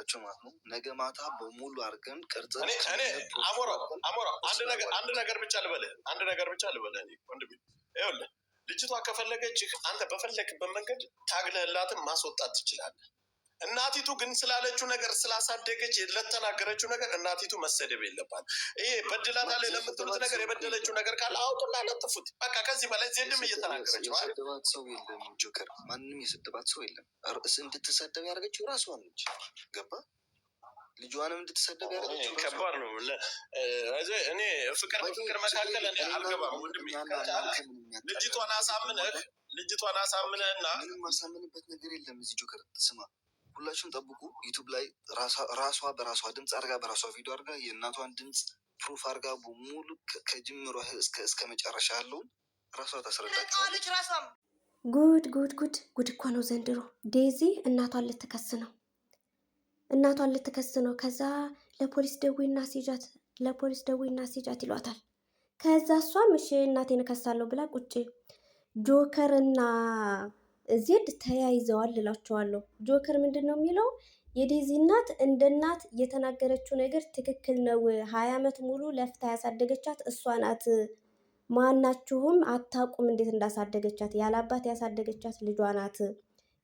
አድርጋቸው ማለት ነው። ነገ ማታ በሙሉ አድርገን ቅርጽ አሞራ አሞራ አንድ ነገር ብቻ ልበልህ፣ አንድ ነገር ብቻ ልበልህ ወንድሜ፣ ይኸውልህ ልጅቷ ከፈለገች አንተ በፈለግበት መንገድ ታግለህላትን ማስወጣት ትችላለህ። እናቲቱ ግን ስላለችው ነገር ስላሳደገች ለተናገረችው ነገር እናቲቱ መሰደብ የለባት። ይሄ በድላታ ላይ ለምትሉት ነገር የበደለችው ነገር ካለ አውጡና ለጥፉት። በቃ ከዚህ በላይ ዜድም እየተናገረች ነው። ሰው የለም ጆከር፣ ማንም የሰደባት ሰው የለም። እንድትሰደብ ያደርገችው ራሷ ነች። ገባ ልጇንም እንድትሰደብ ያደረገችው ከባድ ነው። እኔ ፍቅር ፍቅር መካከል እኔ አልገባም ወንድሜ። ልጅቷን አሳምነህ ልጅቷን አሳምነህና ምንም ማሳምንበት ነገር የለም እዚህ ጆከር ስማ ሁላችሁም ጠብቁ። ዩቱብ ላይ ራሷ በራሷ ድምፅ አድርጋ በራሷ ቪዲዮ አድርጋ የእናቷን ድምፅ ፕሩፍ አድርጋ ሙሉ ከጅምሮ እስከ መጨረሻ ያለውን ራሷ ታስረዳቸዋለች። ጉድ ጉድ ጉድ ጉድ እኮ ነው ዘንድሮ። ዴዚ እናቷን ልትከስ ነው፣ እናቷን ልትከስ ነው። ከዛ ለፖሊስ ደዊና ሲጃት፣ ለፖሊስ ደዊና ሲጃት ይሏታል። ከዛ እሷም እሺ እናቴን እከሳለሁ ብላ ቁጭ ጆከርና ዜድ ተያይዘዋል እላቸዋለሁ። ጆከር ምንድን ነው የሚለው? የዴዚ እናት እንደ እናት የተናገረችው ነገር ትክክል ነው። ሀያ ዓመት ሙሉ ለፍታ ያሳደገቻት እሷ ናት። ማናችሁም አታውቁም እንዴት እንዳሳደገቻት። ያላባት ያሳደገቻት ልጇ ናት።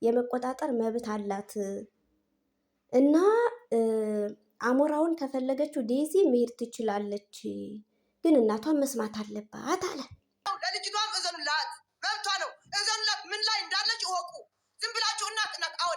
የመቆጣጠር መብት አላት እና አሞራውን ከፈለገችው ዴዚ መሄድ ትችላለች፣ ግን እናቷን መስማት አለባት አለ።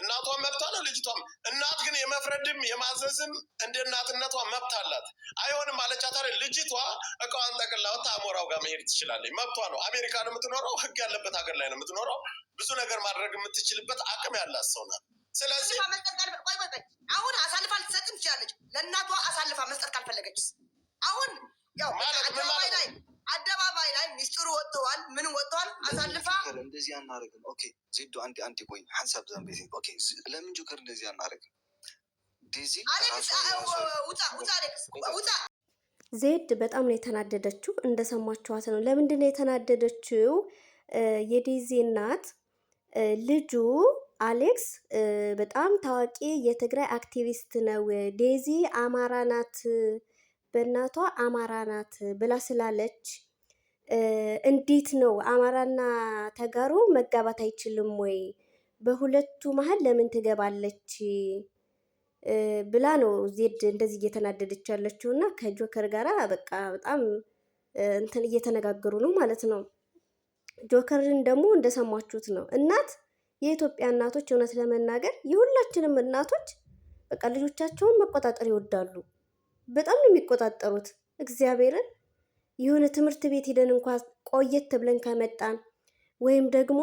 እናቷም መብት አለ፣ ልጅቷም። እናት ግን የመፍረድም የማዘዝም እንደ እናትነቷ መብት አላት። አይሆንም ማለቻት አለ። ልጅቷ እቃዋን ጠቅላ ወጥታ አሞራው ጋር መሄድ ትችላለች፣ መብቷ ነው። አሜሪካ ነው የምትኖረው፣ ህግ ያለበት ሀገር ላይ ነው የምትኖረው። ብዙ ነገር ማድረግ የምትችልበት አቅም ያላት ሰው ናት። ስለዚህ አሁን አሳልፋ ልትሰጥም ትችላለች። ለእናቷ አሳልፋ መስጠት ካልፈለገችስ አሁን አደባባይ ላይ ሚስጥሩ ወጥተዋል። ምን ወጥተዋል? አሳልፋ እንደዚህ አናደርግም። ኦኬ ዜዶ አንዴ አንዴ ቆይ ሀንሳብ ዘንቤ ኦኬ ለምን ጆከር እንደዚህ አናደርግም? ዜድ በጣም ነው የተናደደችው። እንደሰማችኋት ነው። ለምንድን ነው የተናደደችው? የዴዚ እናት ልጁ አሌክስ በጣም ታዋቂ የትግራይ አክቲቪስት ነው። ዴዚ አማራ ናት በእናቷ አማራ ናት ብላ ስላለች እንዴት ነው አማራና ተጋሩ መጋባት አይችልም ወይ? በሁለቱ መሀል ለምን ትገባለች ብላ ነው ዜድ እንደዚህ እየተናደደች ያለችው እና ከጆከር ጋራ በቃ በጣም እንትን እየተነጋገሩ ነው ማለት ነው። ጆከርን ደግሞ እንደሰማችሁት ነው እናት የኢትዮጵያ እናቶች እውነት ለመናገር የሁላችንም እናቶች በቃ ልጆቻቸውን መቆጣጠር ይወዳሉ። በጣም ነው የሚቆጣጠሩት። እግዚአብሔርን የሆነ ትምህርት ቤት ሂደን እንኳ ቆየት ብለን ከመጣን ወይም ደግሞ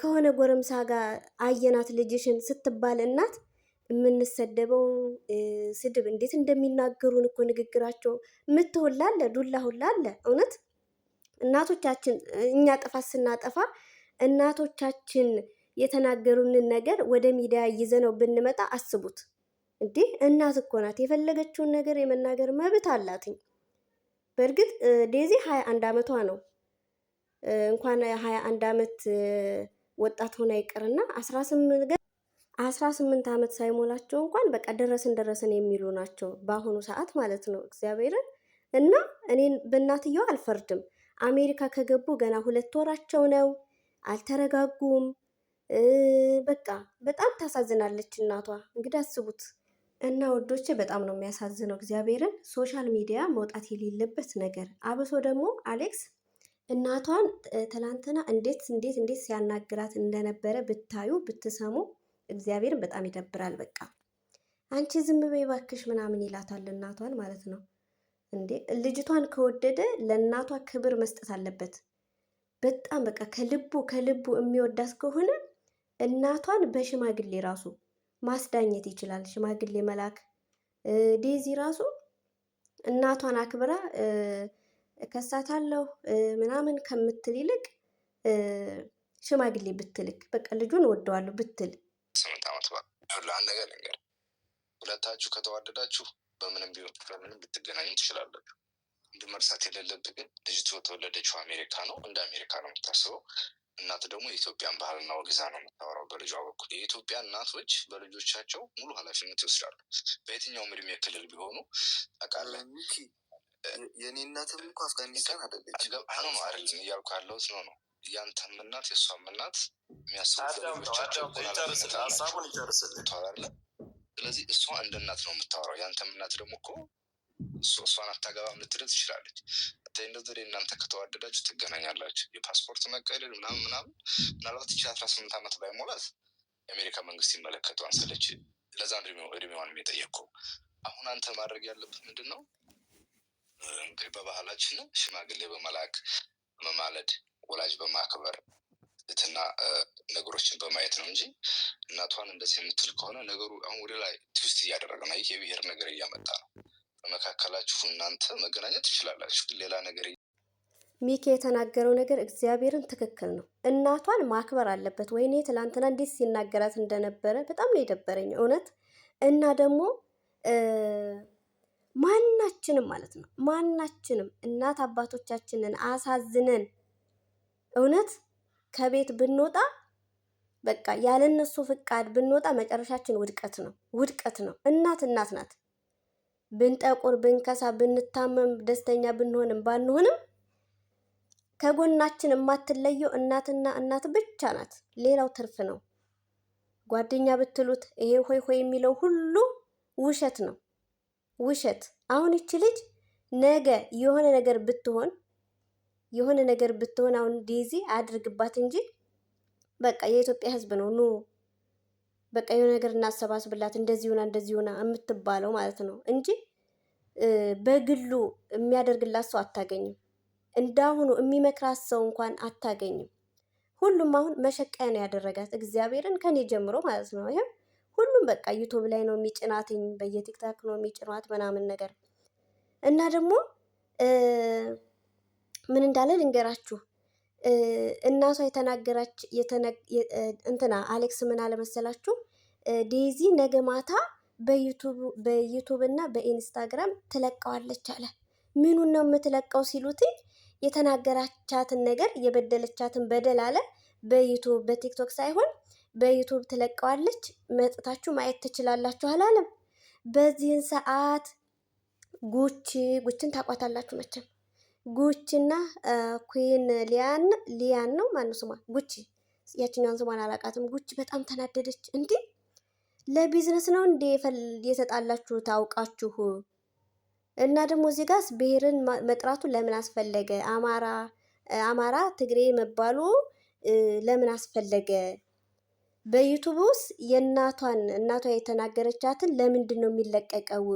ከሆነ ጎረምሳ ጋር አየናት ልጅሽን ስትባል እናት የምንሰደበው ስድብ እንዴት እንደሚናገሩን እኮ ንግግራቸው ምት ሁላ ዱላ ሁላ አለ። እውነት እናቶቻችን እኛ ጥፋት ስናጠፋ እናቶቻችን የተናገሩንን ነገር ወደ ሚዲያ ይዘነው ብንመጣ አስቡት። እንዲህ እናት እኮ ናት። የፈለገችውን ነገር የመናገር መብት አላትኝ። በእርግጥ ዴዚ ሀያ አንድ አመቷ ነው። እንኳን ሀያ አንድ አመት ወጣት ሆና ይቅርና አስራ ስምንት ገ አስራ ስምንት አመት ሳይሞላቸው እንኳን በቃ ደረስን ደረስን የሚሉ ናቸው በአሁኑ ሰዓት ማለት ነው። እግዚአብሔርን እና እኔን በእናትየው አልፈርድም። አሜሪካ ከገቡ ገና ሁለት ወራቸው ነው። አልተረጋጉም። በቃ በጣም ታሳዝናለች እናቷ። እንግዲህ አስቡት። እና ወዶቼ በጣም ነው የሚያሳዝነው። እግዚአብሔርን ሶሻል ሚዲያ መውጣት የሌለበት ነገር አብሶ ደግሞ አሌክስ እናቷን ትናንትና እንዴት እንዴት እንዴት ሲያናግራት እንደነበረ ብታዩ ብትሰሙ፣ እግዚአብሔርን በጣም ይደብራል። በቃ አንቺ ዝም በይ እባክሽ ምናምን ይላታል እናቷን ማለት ነው። እንዴ ልጅቷን ከወደደ ለእናቷ ክብር መስጠት አለበት። በጣም በቃ ከልቡ ከልቡ የሚወዳት ከሆነ እናቷን በሽማግሌ ራሱ ማስዳኘት ይችላል። ሽማግሌ መላክ ዴዚ ራሱ እናቷን አክብራ ከሳታለሁ ምናምን ከምትል ይልቅ ሽማግሌ ብትልክ በቃ ልጁን ወደዋለሁ ብትል ስምንት ነገር ነገር ሁለታችሁ ከተዋደዳችሁ በምንም ቢሆን በምንም ልትገናኙ ትችላላችሁ። እንዲህ መርሳት የሌለብህ ግን ልጅቱ ተወለደችው አሜሪካ ነው። እንደ አሜሪካ ነው የምታስበው። እናት ደግሞ የኢትዮጵያን ባህልና ወግዛ ነው የምታወራው በልጇ በኩል። የኢትዮጵያ እናቶች በልጆቻቸው ሙሉ ኃላፊነት ይወስዳሉ። በየትኛውም እድሜ ክልል ቢሆኑ ታውቃለህ። የኔ እናትም እኮ አፍጋኒስታን አደለች ነው አይደለም እያልኩ ያለሁት ነው ነው ያንተም እናት የእሷም እናት የሚያስቡትቻቸውሳቡንጨርስልለ ስለዚህ እሷ እንደ እናት ነው የምታወራው። ያንተም እናት ደግሞ እኮ እሷን አታገባም ልትል ትችላለች። እንደዚህ እናንተ ከተዋደዳችሁ ትገናኛላችሁ። የፓስፖርት መቀደድ ምናምን ምናምን ምናልባት ይቺ አስራ ስምንት ዓመት ባይሞላት የአሜሪካ መንግስት ይመለከቷን ስለች ለዛ እድሜዋን የጠየቅኩው አሁን አንተ ማድረግ ያለብህ ምንድን ነው? እንግዲህ በባህላችን ሽማግሌ በመላክ በመማለድ ወላጅ በማክበር እና ነገሮችን በማየት ነው እንጂ እናቷን እንደዚህ የምትል ከሆነ ነገሩ አሁን ወደ ላይ ትውስት እያደረገ ነው። ይህ የብሔር ነገር እያመጣ ነው። በመካከላችሁ እናንተ መገናኘት ትችላላችሁ። ግን ሌላ ነገር ሚኪ የተናገረው ነገር እግዚአብሔርን ትክክል ነው። እናቷን ማክበር አለበት። ወይኔ ትላንትና እንዴት ሲናገራት እንደነበረ በጣም ነው የደበረኝ እውነት። እና ደግሞ ማናችንም ማለት ነው ማናችንም እናት አባቶቻችንን አሳዝነን እውነት ከቤት ብንወጣ በቃ ያለነሱ ፍቃድ ብንወጣ መጨረሻችን ውድቀት ነው፣ ውድቀት ነው። እናት እናት ናት። ብንጠቁር፣ ብንከሳ፣ ብንታመም፣ ደስተኛ ብንሆንም ባንሆንም ከጎናችን የማትለየው እናትና እናት ብቻ ናት። ሌላው ትርፍ ነው። ጓደኛ ብትሉት ይሄ ሆይ ሆይ የሚለው ሁሉ ውሸት ነው። ውሸት። አሁን ይቺ ልጅ ነገ የሆነ ነገር ብትሆን የሆነ ነገር ብትሆን አሁን ዴዚ አድርግባት እንጂ በቃ የኢትዮጵያ ሕዝብ ነው ኑ በቃ የሆነ ነገር እናሰባስብላት እንደዚህ ሆና እንደዚህ ሆና የምትባለው ማለት ነው እንጂ በግሉ የሚያደርግላት ሰው አታገኝም። እንዳሁኑ የሚመክራት ሰው እንኳን አታገኝም። ሁሉም አሁን መሸቀያ ነው ያደረጋት እግዚአብሔርን ከኔ ጀምሮ ማለት ነው። ይህም ሁሉም በቃ ዩቱብ ላይ ነው የሚጭናትኝ፣ በየቲክታክ ነው የሚጭኗት ምናምን ነገር እና ደግሞ ምን እንዳለ ልንገራችሁ እናቷ የተናገራች እንትና አሌክስ ምን አለመሰላችሁ ዴዚ ነገ ማታ በዩቱብ እና በኢንስታግራም ትለቀዋለች አለ። ምኑን ነው የምትለቀው ሲሉትኝ የተናገራቻትን ነገር የበደለቻትን በደል አለ በዩቱብ በቲክቶክ ሳይሆን በዩቱብ ትለቀዋለች፣ መጥታችሁ ማየት ትችላላችሁ አላለም። በዚህን ሰዓት ጉቺ ጉችን ታቋታላችሁ መቼም ጉችና ኩን ሊያን ሊያን ነው ማነው ስሟ? ጉቺ ያችኛውን ስሟን አላቃትም ጉቺ በጣም ተናደደች። እንዴ ለቢዝነስ ነው እንዴ የተጣላችሁ ታውቃችሁ? እና ደግሞ እዚህ ጋር ብሔርን መጥራቱ ለምን አስፈለገ? አማራ አማራ ትግሬ መባሉ ለምን አስፈለገ? በዩቱብ ውስጥ የእናቷን እናቷ የተናገረቻትን ለምንድን ነው የሚለቀቀው?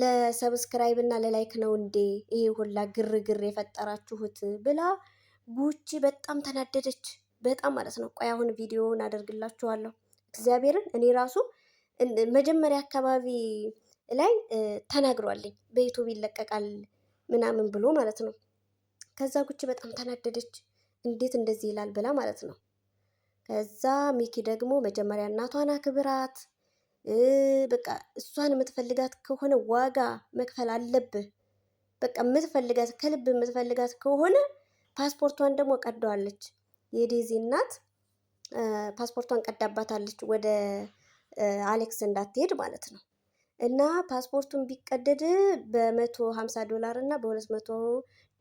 ለሰብስክራይብ እና ለላይክ ነው እንዴ ይሄ ሁላ ግርግር የፈጠራችሁት ብላ ጉቺ በጣም ተናደደች። በጣም ማለት ነው። ቆይ አሁን ቪዲዮውን አደርግላችኋለሁ። እግዚአብሔርን እኔ ራሱ መጀመሪያ አካባቢ ላይ ተናግሯልኝ በዩቱብ ይለቀቃል ምናምን ብሎ ማለት ነው። ከዛ ጉቺ በጣም ተናደደች። እንዴት እንደዚህ ይላል ብላ ማለት ነው። ከዛ ሚኪ ደግሞ መጀመሪያ እናቷን አክብራት በቃ እሷን የምትፈልጋት ከሆነ ዋጋ መክፈል አለብህ። በቃ የምትፈልጋት ከልብ የምትፈልጋት ከሆነ ፓስፖርቷን ደግሞ ቀደዋለች። የዴዚ እናት ፓስፖርቷን ቀዳባታለች፣ ወደ አሌክስ እንዳትሄድ ማለት ነው። እና ፓስፖርቱን ቢቀደድ በመቶ ሀምሳ ዶላር እና በሁለት መቶ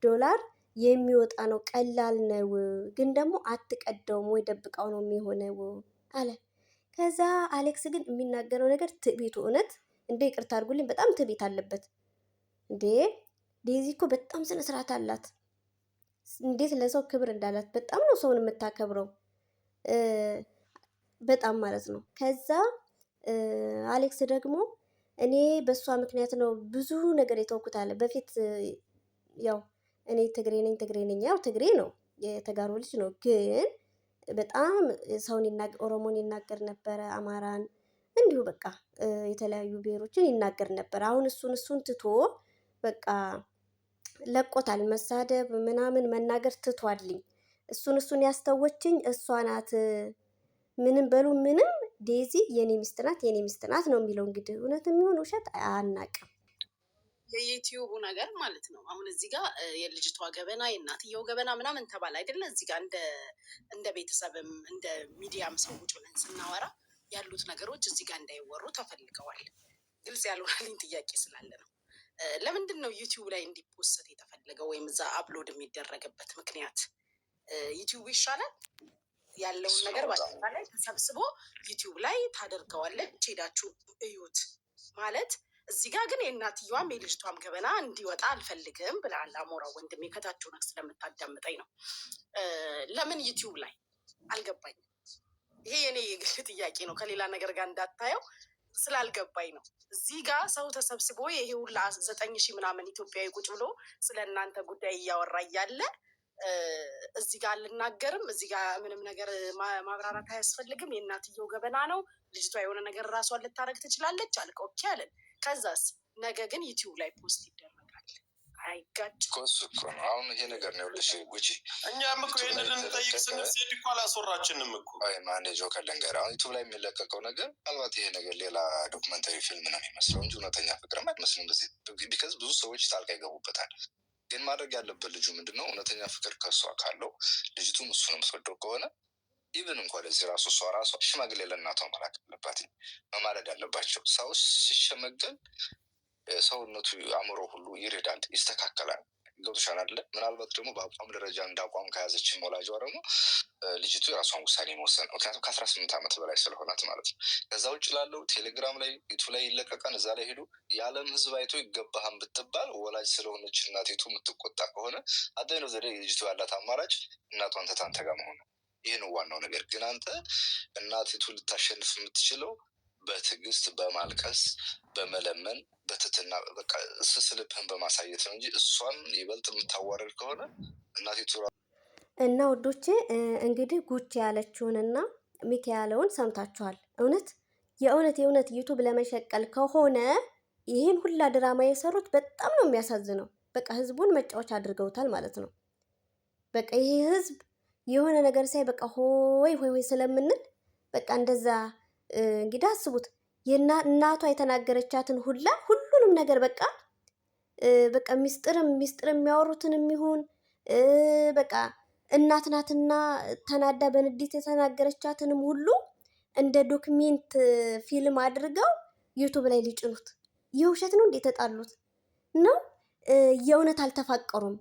ዶላር የሚወጣ ነው። ቀላል ነው፣ ግን ደግሞ አትቀደውም ወይ ደብቀው ነው የሚሆነው አለ። ከዛ አሌክስ ግን የሚናገረው ነገር ትዕቢቱ እውነት እንደ ይቅርታ አድርጉልኝ፣ በጣም ትዕቢት አለበት እንዴ። ዴዚ እኮ በጣም ስነ ስርዓት አላት። እንዴት ለሰው ክብር እንዳላት በጣም ነው ሰውን የምታከብረው፣ በጣም ማለት ነው። ከዛ አሌክስ ደግሞ እኔ በእሷ ምክንያት ነው ብዙ ነገር የተወኩት አለ። በፊት ያው እኔ ትግሬ ነኝ ትግሬ ነኝ ያው ትግሬ ነው የተጋሩ ልጅ ነው ግን በጣም ሰውን ኦሮሞን ይናገር ነበረ፣ አማራን እንዲሁ በቃ የተለያዩ ብሔሮችን ይናገር ነበር። አሁን እሱን እሱን ትቶ በቃ ለቆታል። መሳደብ ምናምን መናገር ትቷልኝ። እሱን እሱን ያስተወችኝ እሷ ናት። ምንም በሉ ምንም ዴዚ የኔ ሚስት ናት፣ የኔ ሚስት ናት ነው የሚለው። እንግዲህ እውነት የሚሆን ውሸት አናቅም። የዩትዩቡ ነገር ማለት ነው። አሁን እዚህ ጋር የልጅቷ ገበና የእናትየው ገበና ምናምን ተባለ አይደለ? እዚህ ጋር እንደ ቤተሰብም እንደ ሚዲያም ሰው ውጭ ብለን ስናወራ ያሉት ነገሮች እዚህ ጋር እንዳይወሩ ተፈልገዋል። ግልጽ ያልሆነልኝ ጥያቄ ስላለ ነው። ለምንድን ነው ዩትዩብ ላይ እንዲፖስት የተፈለገው ወይም እዛ አፕሎድ የሚደረግበት ምክንያት? ዩትዩብ ይሻላል ያለውን ነገር በአጠቃላይ ተሰብስቦ ዩትዩብ ላይ ታደርገዋለች። ሄዳችሁ እዩት ማለት እዚህ ጋር ግን የእናትየዋም የልጅቷም ገበና እንዲወጣ አልፈልግም ብለሃል። አሞራው ወንድሜ ከታችሁ ነህ ስለምታዳምጠኝ ነው። ለምን ዩቲዩብ ላይ አልገባኝም። ይሄ የኔ የግል ጥያቄ ነው፣ ከሌላ ነገር ጋር እንዳታየው ስላልገባኝ ነው። እዚህ ጋር ሰው ተሰብስቦ ይሄ ሁላ ዘጠኝ ሺህ ምናምን ኢትዮጵያዊ ቁጭ ብሎ ስለ እናንተ ጉዳይ እያወራ እያለ እዚህ ጋር አልናገርም፣ እዚህ ጋር ምንም ነገር ማብራራት አያስፈልግም፣ የእናትየው ገበና ነው፣ ልጅቷ የሆነ ነገር ራሷን ልታደርግ ትችላለች። አልቀ ኦኬ አለን ከዛስ ነገ ግን ዩቲዩብ ላይ ፖስት ይደረጋል። አይጋጭ እኮ እኮ ነው። አሁን ይሄ ነገር ነው ያለሽ ጉቺ። እኛም እኮ ይህን ልንጠይቅ ስንል ሴድ እኮ አላስወራችንም እኮ። አይ ማን ጆ ከለንገር አሁን ዩቱብ ላይ የሚለቀቀው ነገር ምናልባት ይሄ ነገር ሌላ ዶክመንታሪ ፊልም ነው የሚመስለው እንጂ እውነተኛ ፍቅርም አይመስልም። በዚህ ቢከዝ ብዙ ሰዎች ጣልቃ ይገቡበታል። ግን ማድረግ ያለበት ልጁ ምንድነው እውነተኛ ፍቅር ከሷ ካለው ልጅቱም እሱ ነው ከሆነ ኢቨን እንኳ ለዚህ ራሱ እሷ ራሷ ሽማግሌ ለእናቷ መላክ አለባት፣ መማለድ አለባቸው። ሰው ሲሸመገል ሰውነቱ አእምሮ ሁሉ ይርዳል፣ ይስተካከላል። ገብቶሻል አይደለ? ምናልባት ደግሞ በአቋም ደረጃ እንደ አቋም ከያዘችን ወላጇ ደግሞ ልጅቱ የራሷን ውሳኔ መወሰን ምክንያቱም ከአስራ ስምንት ዓመት በላይ ስለሆናት ማለት ነው። ከዛ ውጭ ላለው ቴሌግራም ላይ ዩቱ ላይ ይለቀቀን እዛ ላይ ሄዱ የዓለም ሕዝብ አይቶ ይገባህን ብትባል ወላጅ ስለሆነች እናቴቱ የምትቆጣ ከሆነ አዳይነው ዘዴ ልጅቱ ያላት አማራጭ እናቷን ተታንተጋ መሆን ነው። ይሄ ነው ዋናው ነገር። ግን አንተ እናቲቱ ልታሸንፍ የምትችለው በትዕግስት፣ በማልቀስ፣ በመለመን፣ በትትና በቃ ስስልብህን በማሳየት ነው እንጂ እሷን ይበልጥ የምታዋረድ ከሆነ እናቲቱ እና ወዶቼ እንግዲህ ጉች ያለችውንና ሚኪ ያለውን ሰምታችኋል። እውነት የእውነት የእውነት ዩቱብ ለመሸቀል ከሆነ ይህን ሁላ ድራማ የሰሩት በጣም ነው የሚያሳዝነው። በቃ ህዝቡን መጫወቻ አድርገውታል ማለት ነው። በቃ ይሄ ህዝብ የሆነ ነገር ሳይ በቃ ሆይ ሆይ ሆይ ስለምንል በቃ እንደዛ እንግዲህ አስቡት። እናቷ የተናገረቻትን ሁላ ሁሉንም ነገር በቃ በቃ ሚስጥርም ሚስጥር የሚያወሩትን የሚሆን በቃ እናት ናትና ተናዳ በንዴት የተናገረቻትንም ሁሉ እንደ ዶክሜንት ፊልም አድርገው ዩቱብ ላይ ሊጭኑት። የውሸት ነው እንዴ? ተጣሉት ነው የእውነት አልተፋቀሩም።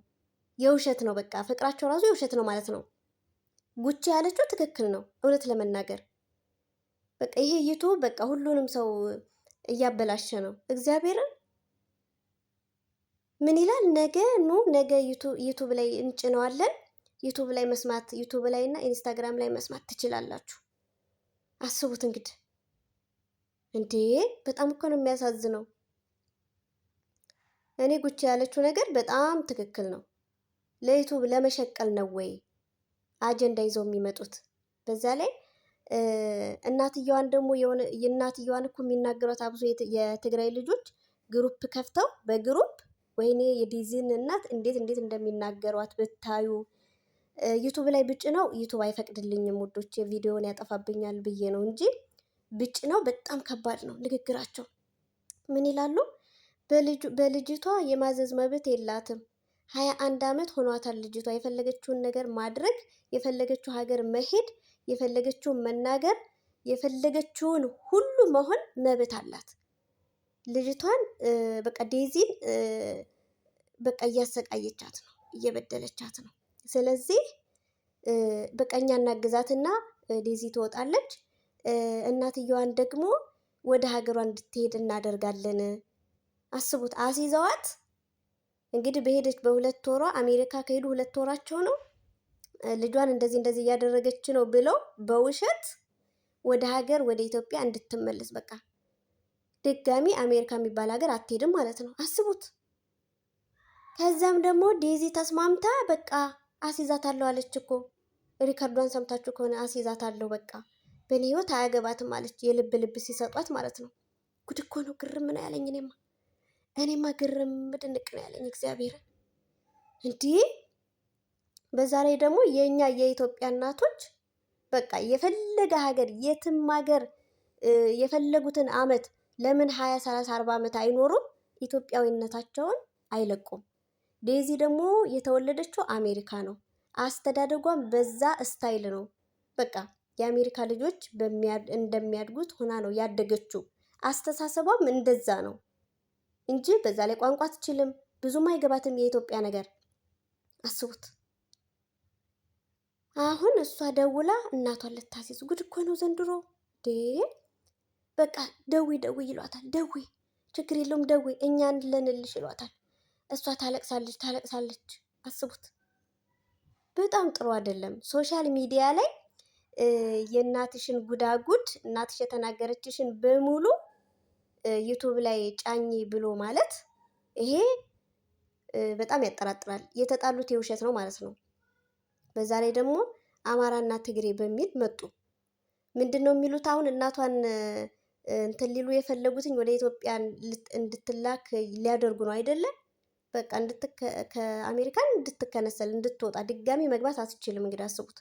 የውሸት ነው በቃ ፍቅራቸው ራሱ የውሸት ነው ማለት ነው። ጉቺ ያለችው ትክክል ነው። እውነት ለመናገር በቃ ይሄ ይቶ በቃ ሁሉንም ሰው እያበላሸ ነው። እግዚአብሔርን ምን ይላል? ነገ ኑ ነገ ዩቱብ ላይ እንጭነዋለን። ዩቱብ ላይ መስማት ዩቱብ ላይ እና ኢንስታግራም ላይ መስማት ትችላላችሁ። አስቡት እንግዲህ እንዴ! በጣም እኮ ነው የሚያሳዝነው። እኔ ጉቺ ያለችው ነገር በጣም ትክክል ነው። ለዩቱብ ለመሸቀል ነው ወይ አጀንዳ ይዘው የሚመጡት። በዛ ላይ እናትየዋን ደግሞ እናትየዋን እኮ የሚናገሯት አብዙ የትግራይ ልጆች ግሩፕ ከፍተው በግሩፕ ወይኔ የዲዚን እናት እንዴት እንዴት እንደሚናገሯት ብታዩ። ዩቱብ ላይ ብጭ ነው ዩቱብ አይፈቅድልኝም ውዶች፣ ቪዲዮን ያጠፋብኛል ብዬ ነው እንጂ ብጭ ነው። በጣም ከባድ ነው ንግግራቸው። ምን ይላሉ? በልጅቷ የማዘዝ መብት የላትም ሀያ አንድ ዓመት ሆኗታል ልጅቷ። የፈለገችውን ነገር ማድረግ፣ የፈለገችው ሀገር መሄድ፣ የፈለገችውን መናገር፣ የፈለገችውን ሁሉ መሆን መብት አላት። ልጅቷን በቃ ዴዚን በቃ እያሰቃየቻት ነው፣ እየበደለቻት ነው። ስለዚህ በቃ እኛ እናግዛትና ዴዚ ትወጣለች። እናትየዋን ደግሞ ወደ ሀገሯ እንድትሄድ እናደርጋለን። አስቡት አስይዘዋት እንግዲህ በሄደች በሁለት ወሯ አሜሪካ ከሄዱ ሁለት ወሯቸው ነው። ልጇን እንደዚህ እንደዚህ እያደረገች ነው ብለው በውሸት ወደ ሀገር ወደ ኢትዮጵያ እንድትመለስ በቃ ድጋሚ አሜሪካ የሚባል ሀገር አትሄድም ማለት ነው። አስቡት። ከዛም ደግሞ ዴዚ ተስማምታ በቃ አስይዛታለሁ አለች እኮ ሪከርዷን ሰምታችሁ ከሆነ አስይዛታለሁ በቃ በእኔ ህይወት አያገባትም አለች። የልብ ልብ ሲሰጧት ማለት ነው። ጉድ እኮ ነው። ግርም ነው ያለኝ እኔማ። እኔማ ግርም ድንቅ ነው ያለኝ እግዚአብሔር እንዲህ። በዛ ላይ ደግሞ የእኛ የኢትዮጵያ እናቶች በቃ የፈለገ ሀገር የትም ሀገር የፈለጉትን አመት ለምን ሀያ ሰላሳ አርባ ዓመት አይኖሩም፣ ኢትዮጵያዊነታቸውን አይለቁም። ዴዚ ደግሞ የተወለደችው አሜሪካ ነው። አስተዳደጓም በዛ ስታይል ነው። በቃ የአሜሪካ ልጆች እንደሚያድጉት ሆና ነው ያደገችው። አስተሳሰቧም እንደዛ ነው። እንጂ በዛ ላይ ቋንቋ አትችልም፣ ብዙም አይገባትም የኢትዮጵያ ነገር። አስቡት። አሁን እሷ ደውላ እናቷን ልታስይዝ ጉድ እኮ ነው ዘንድሮ። ዴ በቃ ደዊ ደዊ ይሏታል። ደዊ ችግር የለውም ደዊ፣ እኛ እንለንልሽ ይሏታል። እሷ ታለቅሳለች ታለቅሳለች። አስቡት። በጣም ጥሩ አይደለም። ሶሻል ሚዲያ ላይ የእናትሽን ጉዳጉድ እናትሽ የተናገረችሽን በሙሉ ዩቱብ ላይ ጫኝ ብሎ ማለት ይሄ በጣም ያጠራጥራል። የተጣሉት የውሸት ነው ማለት ነው። በዛ ላይ ደግሞ አማራና ትግሬ በሚል መጡ። ምንድን ነው የሚሉት? አሁን እናቷን እንትን ሊሉ የፈለጉትኝ ወደ ኢትዮጵያ እንድትላክ ሊያደርጉ ነው አይደለም? በቃ ከአሜሪካን እንድትከነሰል እንድትወጣ ድጋሚ መግባት አትችልም። እንግዲህ አስቡት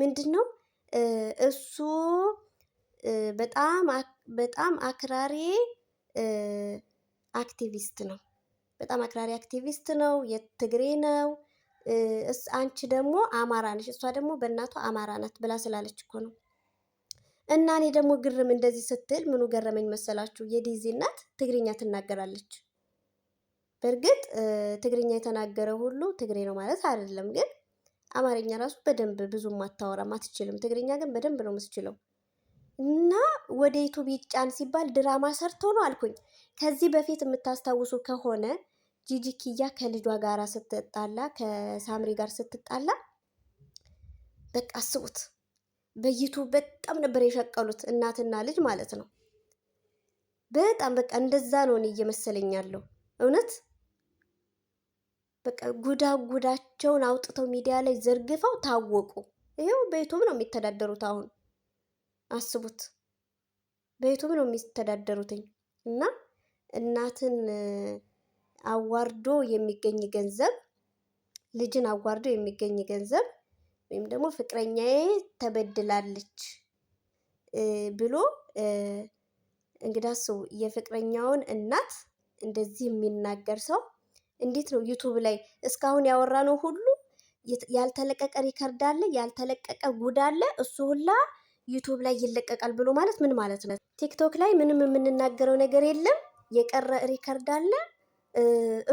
ምንድን ነው እሱ በጣም በጣም አክራሪ አክቲቪስት ነው። በጣም አክራሪ አክቲቪስት ነው። የትግሬ ነው። አንቺ ደግሞ አማራ ነች። እሷ ደግሞ በእናቷ አማራ ናት ብላ ስላለች እኮ ነው። እና እኔ ደግሞ ግርም እንደዚህ ስትል ምኑ ገረመኝ መሰላችሁ? የዲዜናት እናት ትግርኛ ትናገራለች። በእርግጥ ትግርኛ የተናገረ ሁሉ ትግሬ ነው ማለት አይደለም፣ ግን አማርኛ ራሱ በደንብ ብዙም አታወራም፣ አትችልም። ትግርኛ ግን በደንብ ነው የምትችለው። እና ወደ ዩቱብ ይጫን ሲባል ድራማ ሰርቶ ነው አልኩኝ። ከዚህ በፊት የምታስታውሱ ከሆነ ጂጂ ኪያ ከልጇ ጋር ስትጣላ ከሳምሪ ጋር ስትጣላ በቃ አስቡት፣ በዩቱብ በጣም ነበር የሸቀሉት እናትና ልጅ ማለት ነው። በጣም በቃ እንደዛ ነው እኔ እየመሰለኝ ያለው እውነት በቃ ጉዳ ጉዳቸውን አውጥተው ሚዲያ ላይ ዘርግፈው ታወቁ። ይኸው በዩቱብ ነው የሚተዳደሩት አሁን። አስቡት። በዩቱብ ነው የሚተዳደሩትኝ እና እናትን አዋርዶ የሚገኝ ገንዘብ ልጅን አዋርዶ የሚገኝ ገንዘብ ወይም ደግሞ ፍቅረኛዬ ተበድላለች ብሎ እንግዳስ የፍቅረኛውን እናት እንደዚህ የሚናገር ሰው እንዴት ነው ዩቱብ ላይ እስካሁን ያወራነው ሁሉ ያልተለቀቀ ሪከርድ አለ፣ ያልተለቀቀ ጉድ አለ። እሱ ሁላ ዩቱብ ላይ ይለቀቃል ብሎ ማለት ምን ማለት ነው? ቲክቶክ ላይ ምንም የምንናገረው ነገር የለም። የቀረ ሪከርድ አለ።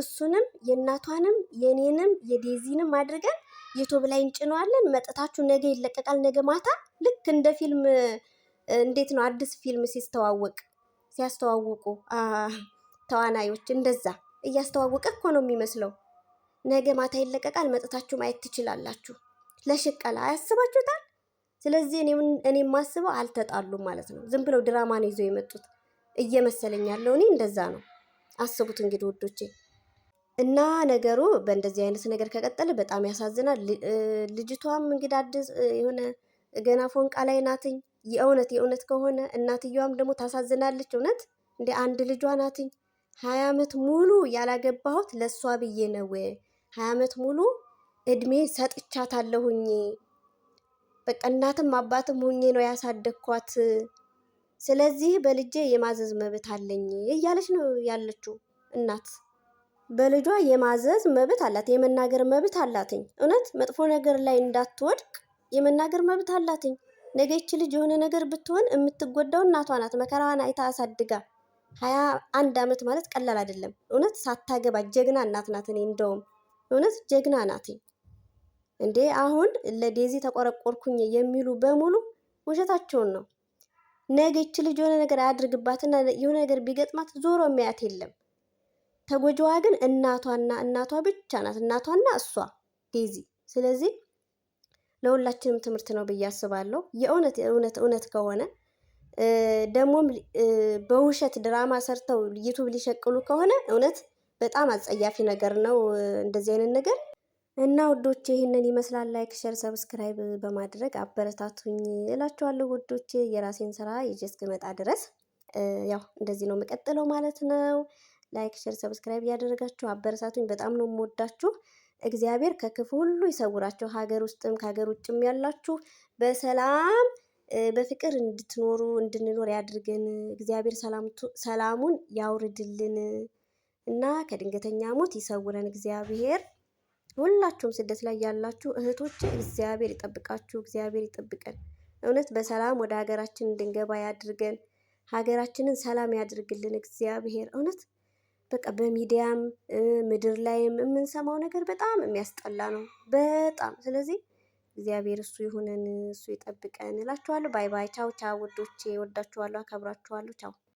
እሱንም የእናቷንም የኔንም የዴዚንም አድርገን ዩቱብ ላይ እንጭነዋለን። መጠታችሁ ነገ ይለቀቃል። ነገ ማታ ልክ እንደ ፊልም እንዴት ነው አዲስ ፊልም ሲስተዋወቅ ሲያስተዋውቁ ተዋናዮች እንደዛ እያስተዋወቀ እኮ ነው የሚመስለው። ነገ ማታ ይለቀቃል። መጠታችሁ ማየት ትችላላችሁ። ለሽቀላ አያስባችሁታል? ስለዚህ እኔ ማስበው አልተጣሉም ማለት ነው። ዝም ብለው ድራማ ነው ይዘው የመጡት እየመሰለኝ ያለው እኔ እንደዛ ነው። አስቡት እንግዲህ ውዶቼ። እና ነገሩ በእንደዚህ አይነት ነገር ከቀጠለ በጣም ያሳዝናል። ልጅቷም እንግዲህ አዲስ የሆነ ገና ፎንቃ ላይ ናትኝ። የእውነት የእውነት ከሆነ እናትየዋም ደግሞ ታሳዝናለች። እውነት እንደ አንድ ልጇ ናትኝ። ሀያ ዓመት ሙሉ ያላገባሁት ለእሷ ብዬ ነው። ሀያ ዓመት ሙሉ እድሜ ሰጥቻታለሁኝ በቃ እናትም አባትም ሆኜ ነው ያሳደግኳት፣ ስለዚህ በልጄ የማዘዝ መብት አለኝ እያለች ነው ያለችው። እናት በልጇ የማዘዝ መብት አላት፣ የመናገር መብት አላትኝ። እውነት መጥፎ ነገር ላይ እንዳትወድቅ የመናገር መብት አላትኝ። ነገ ልጅ የሆነ ነገር ብትሆን የምትጎዳው እናቷ ናት። መከራዋን አይታ አሳድጋ ሀያ አንድ ዓመት ማለት ቀላል አይደለም። እውነት ሳታገባ ጀግና እናት ናት። እኔ እንደውም እውነት ጀግና ናትኝ። እንዴ አሁን ለዴዚ ተቆረቆርኩኝ የሚሉ በሙሉ ውሸታቸውን ነው። ነገ ይች ልጅ የሆነ ነገር አያድርግባትና የሆነ ነገር ቢገጥማት ዞሮ የሚያት የለም። ተጎጂዋ ግን እናቷና እናቷ ብቻ ናት፣ እናቷና እሷ ዴዚ። ስለዚህ ለሁላችንም ትምህርት ነው ብዬ አስባለሁ። የእውነት እውነት እውነት ከሆነ ደግሞም በውሸት ድራማ ሰርተው ዩቱብ ሊሸቅሉ ከሆነ እውነት በጣም አጸያፊ ነገር ነው እንደዚህ አይነት ነገር እና ውዶች ይህንን ይመስላል። ላይክ፣ ሸር፣ ሰብስክራይብ በማድረግ አበረታቱኝ እላችኋለሁ ውዶቼ። የራሴን ስራ ይዤ እስክመጣ ድረስ ያው እንደዚህ ነው የምቀጥለው ማለት ነው። ላይክ፣ ሸር፣ ሰብስክራይብ እያደረጋችሁ አበረታቱኝ። በጣም ነው የምወዳችሁ። እግዚአብሔር ከክፉ ሁሉ ይሰውራችሁ። ሀገር ውስጥም ከሀገር ውጭም ያላችሁ በሰላም በፍቅር እንድትኖሩ እንድንኖር ያድርገን። እግዚአብሔር ሰላሙን ያውርድልን እና ከድንገተኛ ሞት ይሰውረን እግዚአብሔር። ሁላችሁም ስደት ላይ ያላችሁ እህቶች እግዚአብሔር ይጠብቃችሁ፣ እግዚአብሔር ይጠብቀን። እውነት በሰላም ወደ ሀገራችን እንድንገባ ያድርገን። ሀገራችንን ሰላም ያድርግልን እግዚአብሔር። እውነት በቃ በሚዲያም ምድር ላይም የምንሰማው ነገር በጣም የሚያስጠላ ነው፣ በጣም ስለዚህ እግዚአብሔር እሱ ይሁንን፣ እሱ ይጠብቀን እላችኋለሁ። ባይ ባይ። ቻው ቻው፣ ውዶቼ ወዳችኋለሁ፣ አከብራችኋለሁ። ቻው